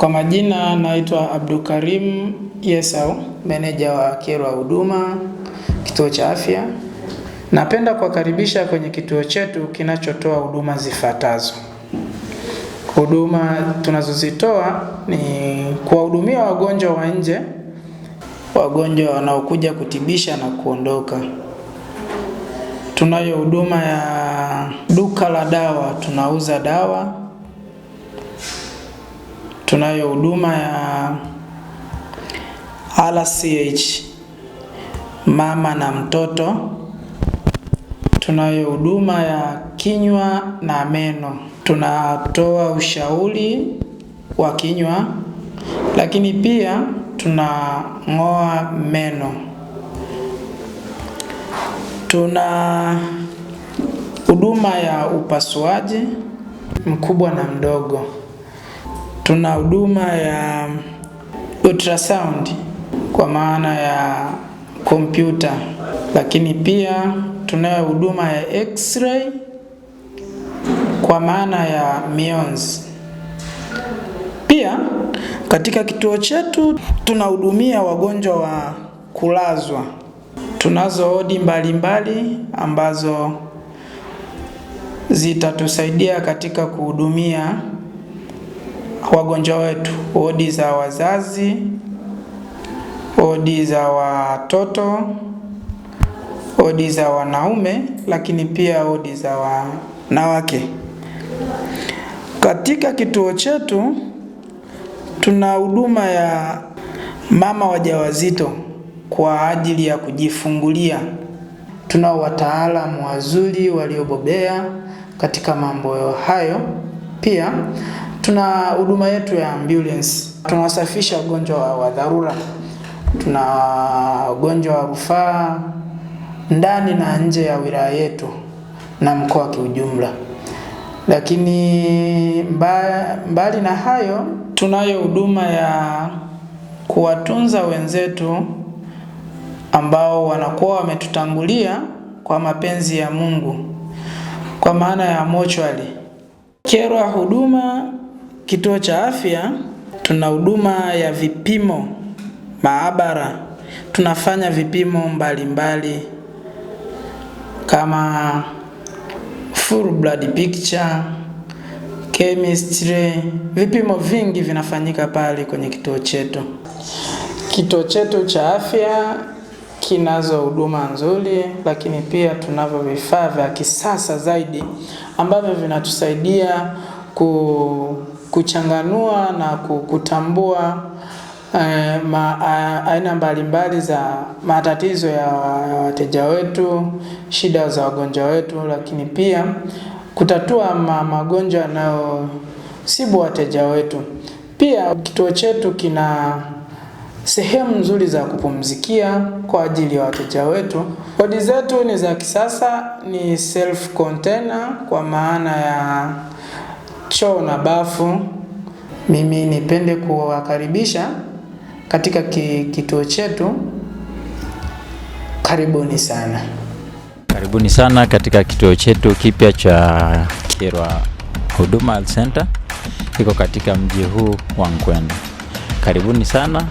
Kwa majina naitwa Abdulkarim Yesau, meneja wa Kyerwa Huduma kituo cha afya. Napenda kuwakaribisha kwenye kituo chetu kinachotoa huduma zifuatazo. Huduma tunazozitoa ni kuwahudumia wagonjwa wa nje, wagonjwa wanaokuja kutibisha na kuondoka. Tunayo huduma ya duka la dawa, tunauza dawa tunayo huduma ya RCH mama na mtoto, tunayo huduma ya kinywa na meno, tunatoa ushauri wa kinywa, lakini pia tunang'oa meno. Tuna huduma ya upasuaji mkubwa na mdogo. Tuna huduma ya ultrasound kwa maana ya kompyuta, lakini pia tunayo huduma ya x-ray kwa maana ya mionzi. Pia katika kituo chetu tunahudumia wagonjwa wa kulazwa. Tunazo odi mbalimbali ambazo zitatusaidia katika kuhudumia wagonjwa wetu, wodi za wazazi, wodi za watoto, wodi za wanaume, lakini pia wodi za wanawake. Katika kituo chetu tuna huduma ya mama wajawazito kwa ajili ya kujifungulia. Tunao wataalamu wazuri waliobobea katika mambo hayo. Pia Tuna huduma yetu ya ambulance, tunawasafisha wagonjwa wa dharura, tuna wagonjwa wa rufaa ndani na nje ya wilaya yetu na mkoa kiujumla. Lakini mba, mbali na hayo, tunayo huduma ya kuwatunza wenzetu ambao wanakuwa wametutangulia kwa mapenzi ya Mungu, kwa maana ya mochwali. Kero ya huduma Kituo cha afya tuna huduma ya vipimo, maabara tunafanya vipimo mbalimbali mbali, kama full blood picture, chemistry, vipimo vingi vinafanyika pale kwenye kituo chetu. Kituo chetu cha afya kinazo huduma nzuri, lakini pia tunavyo vifaa vya kisasa zaidi ambavyo vinatusaidia ku kuchanganua na kutambua eh, ma, eh, aina mbalimbali za matatizo ya wateja wetu, shida za wagonjwa wetu, lakini pia kutatua ma, magonjwa yanayosibu wateja wetu. Pia kituo chetu kina sehemu nzuri za kupumzikia kwa ajili ya wateja wetu. Wodi zetu ni za kisasa, ni self container kwa maana ya choo na bafu. Mimi nipende kuwakaribisha katika kituo chetu. Karibuni sana, karibuni sana katika kituo chetu kipya cha Kyerwa Huduma Health Center, iko katika mji huu wa Nkwenda. Karibuni sana,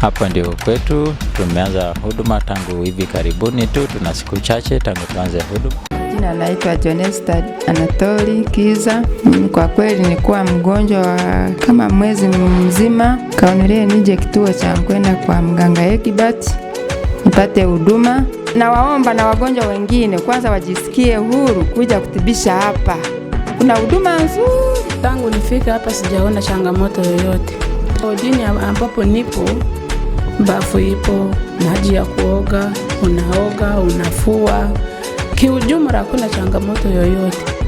hapa ndio kwetu. Tumeanza huduma tangu hivi karibuni tu, tuna siku chache tangu tuanze huduma. Jina naitwa Jonesta Anatoli Kiza. Mimi kwa kweli nilikuwa mgonjwa wa kama mwezi mzima, kaonelea nije kituo cha kwenda kwa mganga Ekibat nipate huduma. Nawaomba na wagonjwa wengine kwanza wajisikie huru kuja kutibisha hapa, kuna huduma nzuri. Tangu nifika hapa sijaona changamoto yoyote. Odini ambapo nipo bafu ipo, maji ya kuoga, unaoga, unafua Kiujumla hakuna changamoto yoyote.